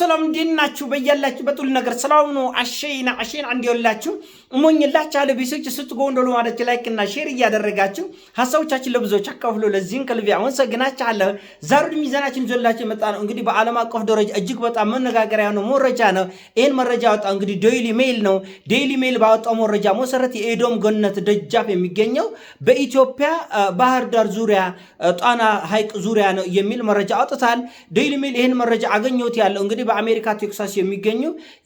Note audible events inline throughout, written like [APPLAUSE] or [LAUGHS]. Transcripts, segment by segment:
ሰላም እንዴት ናችሁ? በያላችሁበት ሁሉ ነገር ሰላም ነው። አሸይና አሸይን አንድ ያላችሁ እሞኝላችሁ አለ ቤቶች ስትጎንደሉ ማለት ላይክ እና ሼር እያደረጋችሁ ሀሳቦቻችን ለብዙዎች አካፍሎ ለዚህን ከልቤ አመሰግናችኋለሁ። ዛሬ ሚዛናችን ይዞላችሁ የመጣ ነው እንግዲህ በዓለም አቀፍ ደረጃ እጅግ በጣም መነጋገሪያ ነው መረጃ ነው። ይህን መረጃ ያወጣው እንግዲህ ዴይሊ ሜል ነው። ዴይሊ ሜል ባወጣው መረጃ መሰረት የኤዶም ገነት ደጃፍ የሚገኘው በኢትዮጵያ ባህር ዳር ዙሪያ ጣና ሐይቅ ዙሪያ ነው የሚል መረጃ አውጥታል። ዴይሊ ሜል ይህን መረጃ አገኘሁት ያለው እንግዲህ በአሜሪካ ቴክሳስ የሚገኙ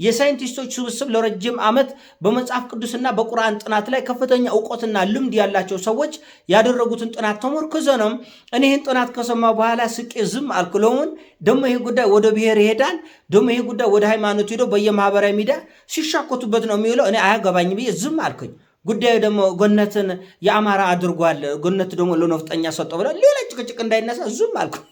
የሳይንቲስቶች ስብስብ ለረጅም ዓመት በመጽሐፍ ቅዱስና በቁርአን ጥናት ላይ ከፍተኛ እውቀትና ልምድ ያላቸው ሰዎች ያደረጉትን ጥናት ተመርክዞ ነው። እኔህን ጥናት ከሰማ በኋላ ስቄ ዝም አልክለውን። ደሞ ደግሞ ጉዳይ ወደ ብሔር ይሄዳል፣ ደግሞ ይሄ ጉዳይ ወደ ሃይማኖት ሄዶ በየማህበራዊ ሚዲያ ሲሻኮቱበት ነው የሚውለው። እኔ አያገባኝ ብዬ ዝም አልኩኝ። ጉዳዩ ደግሞ ጎነትን የአማራ አድርጓል፣ ጎነት ደግሞ ለነፍጠኛ ሰጠው ብለ ሌላ ጭቅጭቅ እንዳይነሳ ዝም አልኩኝ።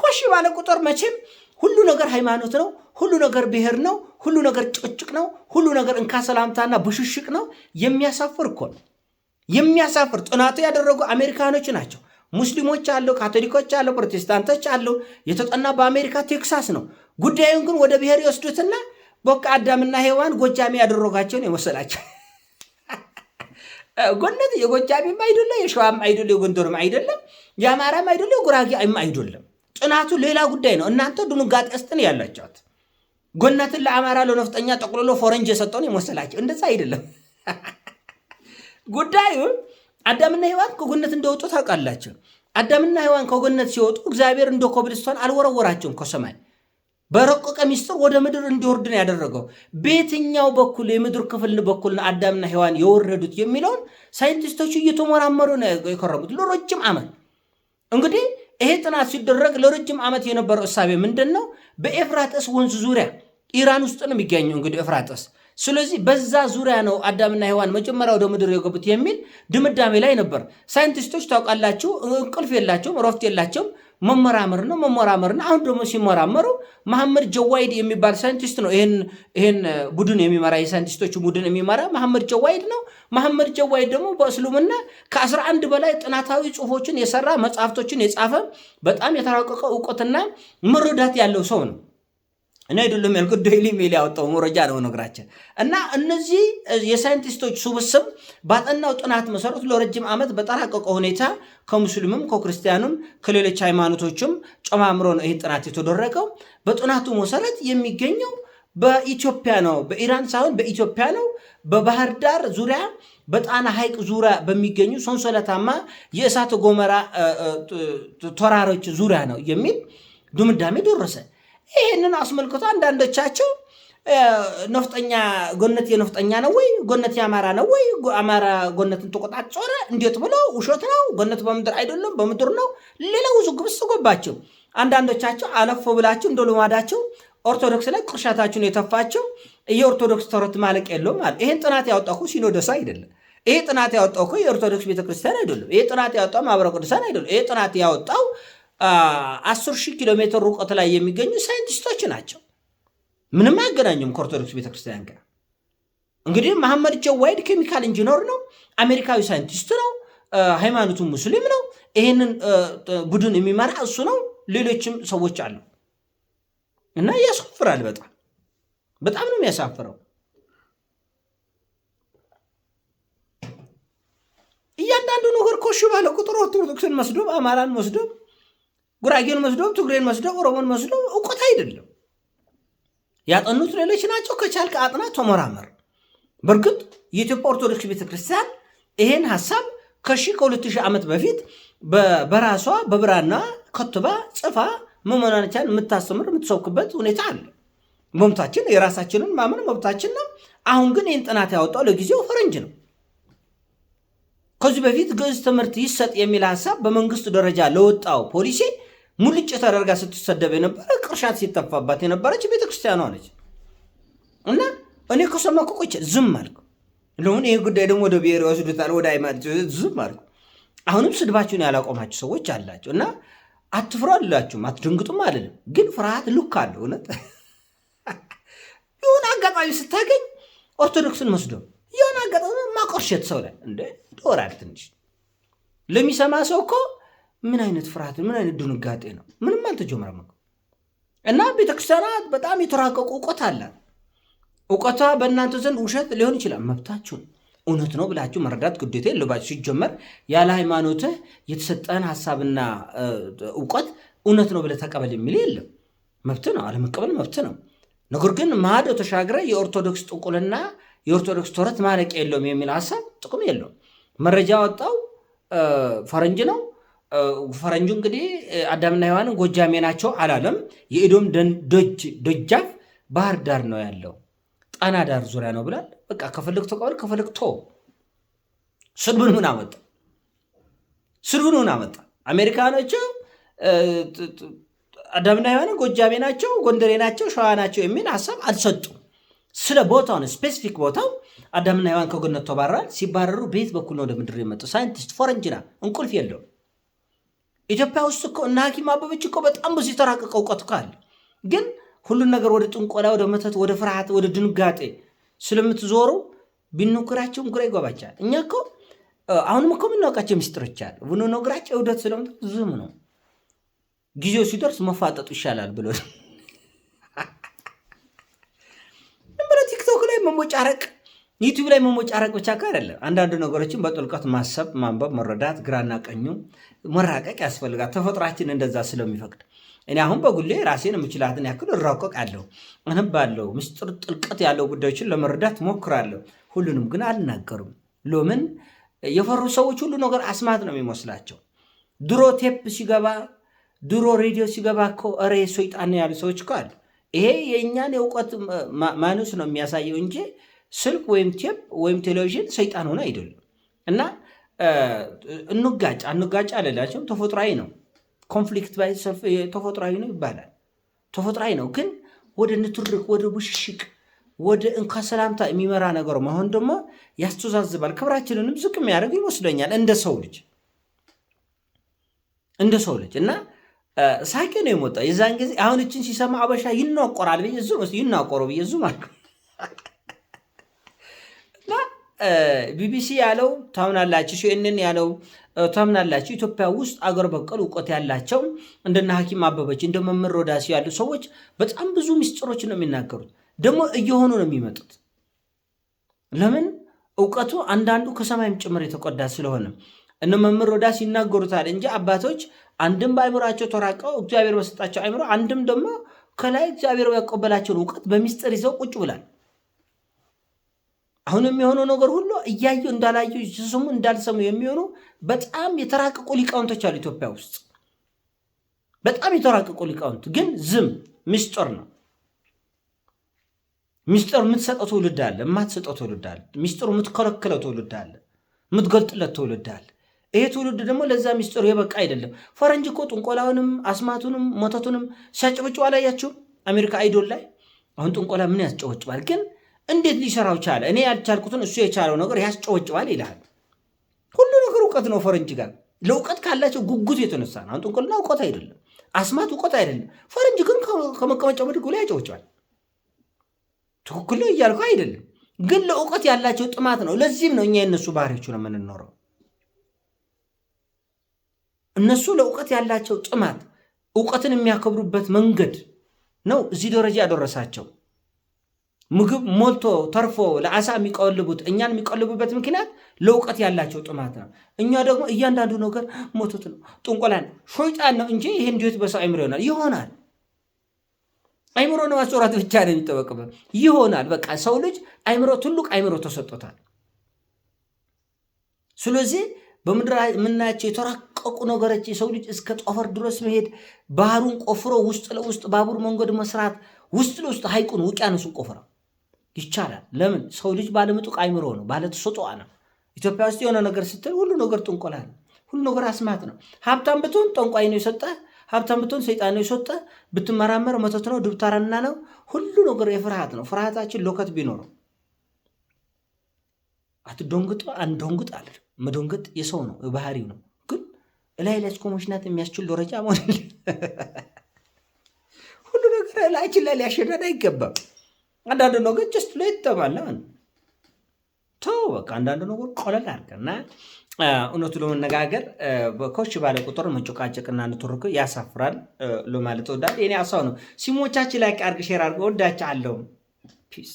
ኮሽ ባለ ቁጥር መቼም ሁሉ ነገር ሃይማኖት ነው፣ ሁሉ ነገር ብሔር ነው፣ ሁሉ ነገር ጭቅጭቅ ነው፣ ሁሉ ነገር እንካ ሰላምታና ብሽሽቅ ነው። የሚያሳፍር እኮ ነው የሚያሳፍር። ጥናቱ ያደረጉ አሜሪካኖች ናቸው። ሙስሊሞች አለው፣ ካቶሊኮች አለው፣ ፕሮቴስታንቶች አለው። የተጠና በአሜሪካ ቴክሳስ ነው። ጉዳዩን ግን ወደ ብሔር ይወስዱትና በቃ አዳምና ሔዋን ጎጃሜ ያደረጋቸውን የመሰላቸው [LAUGHS] ጎነት የጎጃሚም አይደለም፣ የሸዋም አይደለም፣ የጎንደርም አይደለም፣ የአማራም አይደለም፣ የጉራጌ አይደለም። ጥናቱ ሌላ ጉዳይ ነው። እናንተ ድንጋጤ ውስጥ ነው ያላችሁት። ጎነትን ለአማራ ለነፍጠኛ ጠቅልሎ ፎረንጅ የሰጠውን የመሰላቸው እንደዛ አይደለም። [LAUGHS] ጉዳዩ አዳምና ሔዋን ከጎነት እንደወጡ ታውቃላችሁ። አዳምና ሔዋን ከጎነት ሲወጡ እግዚአብሔር እንደ ኮብልስቶን አልወረወራቸውም ከሰማይ በረቀቀ ሚስጥር ወደ ምድር እንዲወርድ ነው ያደረገው። በየትኛው በኩል የምድር ክፍል በኩል አዳምና ሔዋን የወረዱት የሚለውን ሳይንቲስቶቹ እየተመራመሩ ነው የከረሙት ለረጅም ዓመት እንግዲህ ይሄ ጥናት ሲደረግ ለረጅም ዓመት የነበረው እሳቤ ምንድን ነው? በኤፍራጥስ ወንዝ ዙሪያ ኢራን ውስጥ ነው የሚገኘው እንግዲህ ኤፍራጥስ። ስለዚህ በዛ ዙሪያ ነው አዳምና ሔዋን መጀመሪያ ወደ ምድር የገቡት የሚል ድምዳሜ ላይ ነበር። ሳይንቲስቶች ታውቃላችሁ፣ እንቅልፍ የላቸውም፣ እረፍት የላቸውም። መመራመር ነው መመራመር ነው። አሁን ደግሞ ሲመራመሩ መሐመድ ጀዋይድ የሚባል ሳይንቲስት ነው ይሄን ቡድን የሚመራ የሳይንቲስቶች ቡድን የሚመራ መሐመድ ጀዋይድ ነው። መሐመድ ጀዋይድ ደግሞ በእስልምና ከአስራ አንድ በላይ ጥናታዊ ጽሁፎችን የሰራ መጽሐፍቶችን የጻፈ በጣም የተራቀቀ እውቀትና መረዳት ያለው ሰው ነው። እኔ አይደለም ያልኩት ዴይሊ ሜል ያወጣው መረጃ ነው ነግራቸው እና እነዚህ የሳይንቲስቶች ስብስብ ባጠናው ጥናት መሰረት ለረጅም ዓመት በጠራቀቀ ሁኔታ ከሙስሊምም ከክርስቲያኑም ከሌሎች ሃይማኖቶችም ጨማምሮ ነው ይህን ጥናት የተደረገው። በጥናቱ መሰረት የሚገኘው በኢትዮጵያ ነው፣ በኢራን ሳይሆን በኢትዮጵያ ነው። በባህር ዳር ዙሪያ በጣና ሐይቅ ዙሪያ በሚገኙ ሰንሰለታማ የእሳተ ገሞራ ተራሮች ዙሪያ ነው የሚል ድምዳሜ ደረሰ። ይህንን አስመልክቶ አንዳንዶቻቸው ነፍጠኛ ጎነት የነፍጠኛ ነው ወይ ጎነት የአማራ ነው ወይ አማራ ጎነትን ተቆጣጠረ እንዴት ብሎ ውሸት ነው ጎነት በምድር አይደለም በምድር ነው ሌላ ውዝግብ ስጎባቸው አንዳንዶቻቸው አለፎ ብላቸው እንደ ልማዳቸው ኦርቶዶክስ ላይ ቅርሻታችሁን የተፋቸው የኦርቶዶክስ ተረት ማለቅ የለውም አለ ይህን ጥናት ያወጣሁ ሲኖዶስ አይደለም ይሄ ጥናት ያወጣው የኦርቶዶክስ ቤተክርስቲያን አይደሉም። ይሄ ጥናት ያወጣው ማህበረ ቅዱሳን አይደሉም። ይሄ ጥናት ያወጣው አስር ሺህ ኪሎ ሜትር ሩቀት ላይ የሚገኙ ሳይንቲስቶች ናቸው። ምንም አያገናኙም ከኦርቶዶክስ ቤተክርስቲያን ጋር። እንግዲህ መሐመድ ጀዋይድ ኬሚካል ኢንጂነር ነው፣ አሜሪካዊ ሳይንቲስት ነው፣ ሃይማኖቱ ሙስሊም ነው። ይህንን ቡድን የሚመራ እሱ ነው። ሌሎችም ሰዎች አሉ እና ያሳፍራል። በጣም በጣም ነው የሚያሳፍረው። እያንዳንዱ ነገር ኮሽ ባለ ቁጥር ኦርቶዶክስን መስደብ፣ አማራን መስደብ ጉራጌን መስደው ትግሬን መስደው ኦሮሞን መስደው እውቀት አይደለም። ያጠኑት ሌሎች ናቸው። ከቻልክ አጥና ተመራመር። በእርግጥ የኢትዮጵያ ኦርቶዶክስ ቤተክርስቲያን ይሄን ሀሳብ ከሺህ ከሁለት ሺህ ዓመት በፊት በራሷ በብራና ከትባ ጽፋ ምዕመናኖቻን የምታስተምር የምትሰብክበት ሁኔታ አለ። መብታችን የራሳችንን ማመን መብታችን ነው። አሁን ግን ይህን ጥናት ያወጣው ለጊዜው ፈረንጅ ነው። ከዚህ በፊት ግዕዝ ትምህርት ይሰጥ የሚል ሀሳብ በመንግስት ደረጃ ለወጣው ፖሊሲ ሙልጭ ተደርጋ ስትሰደብ የነበረ ቅርሻት ሲጠፋባት የነበረች ቤተክርስቲያኗ ነች። እና እኔ ከሰማ ቆቆች ዝም አልኩ። ለሁን ይሄ ጉዳይ ደግሞ ወደ ብሔር ይወስዱታል፣ ወደ ሃይማኖት ዝም አልኩ። አሁንም ስድባችሁን ያላቆማችሁ ሰዎች አላቸው እና አትፍሩ አላችሁም፣ አትደንግጡም አልልም። ግን ፍርሃት ልክ አለ። እውነት የሆነ አጋጣሚ ስታገኝ ኦርቶዶክስን መስዶ የሆነ አጋጣሚ ማቆርሸት ሰው ላይ እንደ ዶራል ትንሽ ለሚሰማ ሰው እኮ ምን አይነት ፍርሃት፣ ምን አይነት ድንጋጤ ነው? ምንም አልተጀመረም እና ቤተክርስቲያናት በጣም የተራቀቁ እውቀት አላት። እውቀቷ በእናንተ ዘንድ ውሸት ሊሆን ይችላል። መብታችሁን እውነት ነው ብላችሁ መረዳት ግዴታ የለባችሁ። ሲጀመር ያለ ሃይማኖትህ የተሰጠን ሀሳብና እውቀት እውነት ነው ብለህ ተቀበል የሚል የለም። መብት ነው፣ አለመቀበል መብት ነው። ነገር ግን ማዶ ተሻግረ የኦርቶዶክስ ጥቁልና የኦርቶዶክስ ተረት ማለቅ የለውም የሚል ሀሳብ ጥቅም የለውም። መረጃ ወጣው ፈረንጅ ነው ፈረንጁ እንግዲህ አዳምና ሔዋን ጎጃሜ ናቸው አላለም። የኢዶም ደጅ ደጃፍ ባህር ዳር ነው ያለው፣ ጣና ዳር ዙሪያ ነው ብላል። በቃ ከፈለግ ተቀበል ከፈለግ ቶ ስድብን ምን አመጣ? ስድብን ምን አመጣ? አሜሪካኖች አዳምና ሔዋን ጎጃሜ ናቸው፣ ጎንደሬ ናቸው፣ ሸዋ ናቸው የሚል ሀሳብ አልሰጡም። ስለ ቦታውን ስፔሲፊክ ቦታው አዳምና ሔዋን ከገነት ተባራል ሲባረሩ ቤት በኩል ነው ወደ ምድር የመጡ? ሳይንቲስት ፎረንጅና እንቁልፍ የለውም ኢትዮጵያ ውስጥ እኮ እነ ሐኪም አበበች እኮ በጣም ብዙ የተራቀቀ እውቀት እኮ አለ። ግን ሁሉን ነገር ወደ ጥንቆላ፣ ወደ መተት፣ ወደ ፍርሃት፣ ወደ ድንጋጤ ስለምትዞሩ ቢንኩራቸው እንኩራ ይጓባቻል። እኛ እኮ አሁንም እኮ የምናውቃቸው ሚስጥሮች አሉ። ብንነግራቸው እውደት ስለምት ዝም ነው። ጊዜው ሲደርስ መፋጠጡ ይሻላል ብሎ ብሎ ቲክቶክ ላይ መሞጫረቅ ዩቲዩብ ላይ መሞጫረቅ ብቻ ካ አይደለም። አንዳንዱ ነገሮችን በጥልቀት ማሰብ፣ ማንበብ፣ መረዳት፣ ግራና ቀኙ መራቀቅ ያስፈልጋል። ተፈጥሯችን እንደዛ ስለሚፈቅድ እኔ አሁን በጉሌ ራሴን የምችላትን ያክል እራቀቃለሁ፣ አነባለሁ። ምስጢር ጥልቀት ያለው ጉዳዮችን ለመረዳት ሞክራለሁ። ሁሉንም ግን አልናገሩም። ሎምን የፈሩ ሰዎች ሁሉ ነገር አስማት ነው የሚመስላቸው። ድሮ ቴፕ ሲገባ፣ ድሮ ሬዲዮ ሲገባ እኮ ኧረ ሰይጣን ያሉ ሰዎች እኮ አሉ። ይሄ የእኛን የእውቀት ማነስ ነው የሚያሳየው እንጂ ስልክ ወይም ቴፕ ወይም ቴሌቪዥን ሰይጣን ሆነ አይደሉም። እና እንጋጭ አንጋጭ አለላቸውም። ተፈጥሯዊ ነው። ኮንፍሊክት ባይ ተፈጥሯዊ ነው ይባላል። ተፈጥሯዊ ነው ግን ወደ ንትርክ፣ ወደ ብሽሽቅ፣ ወደ እንኳ ሰላምታ የሚመራ ነገር መሆን ደግሞ ያስተዛዝባል። ክብራችንንም ዝቅ የሚያደርግ ይወስደኛል እንደ ሰው ልጅ እንደ ሰው ልጅ እና ሳቄ ነው የሞጣ የዛን ጊዜ አሁን እችን ሲሰማ አበሻ ይናቆራል ብዬ ይናቆሩ ብዬ ዙም ቢቢሲ ያለው ታምናላችሁ፣ ሲኤንኤን ያለው ታምናላችሁ። ኢትዮጵያ ውስጥ አገር በቀል እውቀት ያላቸው እንደነ ሐኪም አበበች እንደ መምህር ሮዳሲ ያሉ ሰዎች በጣም ብዙ ምስጢሮች ነው የሚናገሩት። ደግሞ እየሆኑ ነው የሚመጡት። ለምን እውቀቱ አንዳንዱ ከሰማይም ጭምር የተቆዳ ስለሆነ እነ መምህር ሮዳስ ይናገሩታል እንጂ አባቶች አንድም በአይምሯቸው ተራቀው እግዚአብሔር በሰጣቸው አይምሮ አንድም ደግሞ ከላይ እግዚአብሔር ያቀበላቸውን እውቀት በሚስጥር ይዘው ቁጭ ብላል። አሁን የሚሆነው ነገር ሁሉ እያየው እንዳላየ ስሙ እንዳልሰሙ የሚሆኑ በጣም የተራቀቁ ሊቃውንቶች አሉ ኢትዮጵያ ውስጥ በጣም የተራቀቁ ሊቃውንት ግን ዝም ምስጢር ነው። ምስጢር የምትሰጠው ትውልድ አለ፣ የማትሰጠው ትውልድ አለ። ምስጢሩ የምትከለክለው ትውልድ አለ፣ የምትገልጥለት ትውልድ አለ። ይሄ ትውልድ ደግሞ ለዛ ምስጢሩ የበቃ አይደለም። ፈረንጅ እኮ ጥንቆላውንም አስማቱንም ሞተቱንም ሲያጭበጭቡ አላያችሁም? አሜሪካ አይዶል ላይ አሁን ጥንቆላ ምን ያስጨወጭባል ግን እንዴት ሊሰራው ቻለ? እኔ ያልቻልኩትን እሱ የቻለው ነገር ያስጨወጭባል ይልሃል። ሁሉ ነገር እውቀት ነው። ፈረንጅ ጋር ለእውቀት ካላቸው ጉጉት የተነሳ ነው። አንጡንቁልና እውቀት አይደለም፣ አስማት እውቀት አይደለም። ፈረንጅ ግን ከመቀመጫው ብድግ ብሎ ያጨወጭባል። ትክክል ነው እያልኩ አይደለም፣ ግን ለእውቀት ያላቸው ጥማት ነው። ለዚህም ነው እኛ የነሱ ባህሪዎቹ ነው የምንኖረው። እነሱ ለእውቀት ያላቸው ጥማት፣ እውቀትን የሚያከብሩበት መንገድ ነው እዚህ ደረጃ ያደረሳቸው። ምግብ ሞልቶ ተርፎ ለዓሳ የሚቀልቡት እኛን የሚቀልቡበት ምክንያት ለእውቀት ያላቸው ጥማት ነው። እኛ ደግሞ እያንዳንዱ ነገር ሞቶት ነው፣ ጥንቆላ ነው፣ ሾይጣን ነው እንጂ ይህ እንዲት በሰው አይምሮ ይሆናል? ይሆናል። አይምሮ ነው ማስወራት ብቻ ነው የሚጠበቅበት። ይሆናል። በቃ ሰው ልጅ አይምሮ ትልቅ አይምሮ ተሰጥቶታል። ስለዚህ በምድር የምናያቸው የተራቀቁ ነገሮች የሰው ልጅ እስከ ጦፈር ድረስ መሄድ፣ ባህሩን ቆፍሮ ውስጥ ለውስጥ ባቡር መንገድ መስራት፣ ውስጥ ለውስጥ ሀይቁን ውቅያኖሱን ቆፍረው ይቻላል። ለምን ሰው ልጅ ባለምጡቅ አይምሮ ነው፣ ባለተሰጥኦ ነው። ኢትዮጵያ ውስጥ የሆነ ነገር ስትል ሁሉ ነገር ጥንቆላ ነው፣ ሁሉ ነገር አስማት ነው። ሀብታም ብትሆን ጠንቋይ ነው የሰጠ፣ ሀብታም ብትሆን ሰይጣን ነው የሰጠ። ብትመራመር መተት ነው፣ ድብታራና ነው፣ ሁሉ ነገር የፍርሃት ነው። ፍርሃታችን ሎከት ቢኖረው አትደንግጡ፣ አንደንግጥ አለ። መደንግጥ የሰው ነው፣ የባህሪው ነው። ግን እላይ ላይ ኮሚሽናት የሚያስችል ደረጃ መሆን ሁሉ ነገር እላችን ላይ ሊያሸዳድ አይገባም። አንዳንድ ነገር ጀስት ላይ ይጠባለን ተው በቃ አንዳንድ ነገር ቆለል አድርገና እውነቱ ለመነጋገር በኮች ባለ ቁጥር መንጮቃጨቅና ንትርክ ያሳፍራል ለማለት ወዳል የኔ አሳው ነው። ሲሞቻችን ላይ አድርግ ሼር አርገ ወዳች አለው ፒስ